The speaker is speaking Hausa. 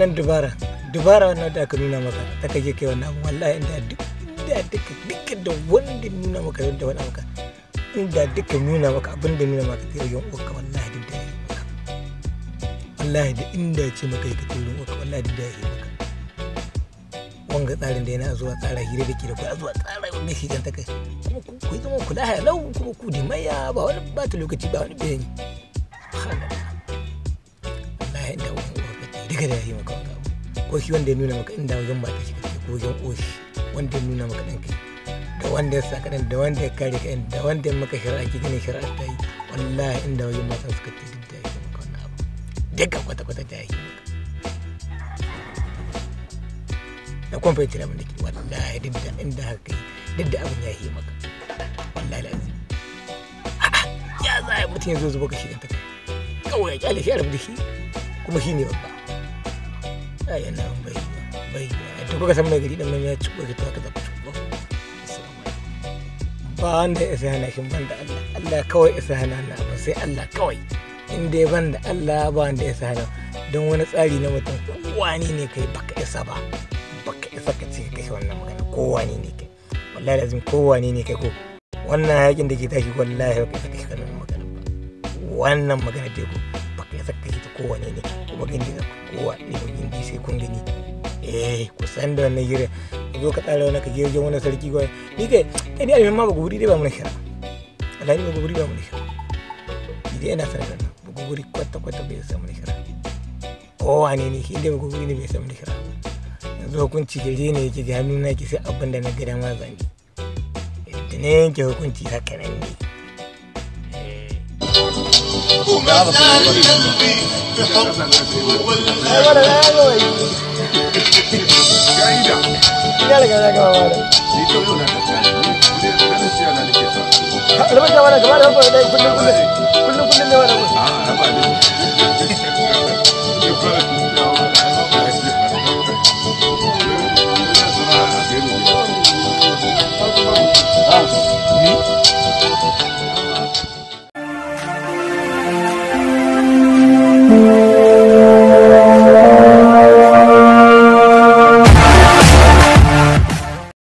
nan dubara dubara wannan da aka nuna maka da kaje kai wannan wallahi inda duka duka da wanda nuna maka yadda wani maka inda duka nuna maka abin da nuna maka kai yan uwarka wallahi duk da yayi maka wallahi da inda ya ce maka ka kai yan uwarka wallahi duk da yayi maka wanga tsarin da yana zuwa tsara hira da ke da kuwa zuwa tsara wanda shi kan ta kai kuma ku zama ku lau kuma ku maya ba wani ba ta lokaci ba wani bayani wallahi inda wani uwarka ke duka da yayi maka ko shi wanda ya nuna maka inda zan ba ta shi ko yan oshi wanda ya nuna maka ɗan kai wanda ya saka da wanda ya kare ka da wanda ya maka shari'a ki gani shari'a ta yi wallahi inda wajen matan suka ce duk da yake maka wannan abu duka kwata kwata ta yake maka da kuma fahimci da mulki wallahi duk da inda haka yi duk da abin ya yi maka wallahi lazim ya za a yi mutum ya zo zuba ka shi ta kawai ya kyale shi a rabu da shi kuma shi ne babba ai yana bai bai da kuka san mai gari dan mai ya ci ko ta ka zafi ba wanda isa hana shi ban da Allah Allah kawai isa hana na ba sai Allah kawai in dai ban da Allah ba wanda isa hana don wani tsari na mutum kowa ne kai baka isa ba baka isa ka ce kai wannan magana kowa ne kai wallahi lazim kowa ne kai ko wannan yakin da ke tashi wallahi baka isa ka kai wannan magana wannan magana dai ko baka isa ka kai ta kowane ne kuma gindi da kowa ne gindi sai kun gani eh ku san da wannan gidan zo ka tsara wani ka je wani sarki gwai ni kai kai ni alimin ma ba guguri dai ba mu na alhali ba guguri ba mu na ni dai ina sarkar ba guguri kwata kwata bai samu na kira o wane ne shi dai ba guguri ne bai samu na kira yanzu hukunci je ne yake ga hannu na ke sai abin da na gada ma da ne yanke hukunci haka nan ne the eh. gyara gaba da a da ni to yau na tafiya ne ne da ka rubuta wannan gaba da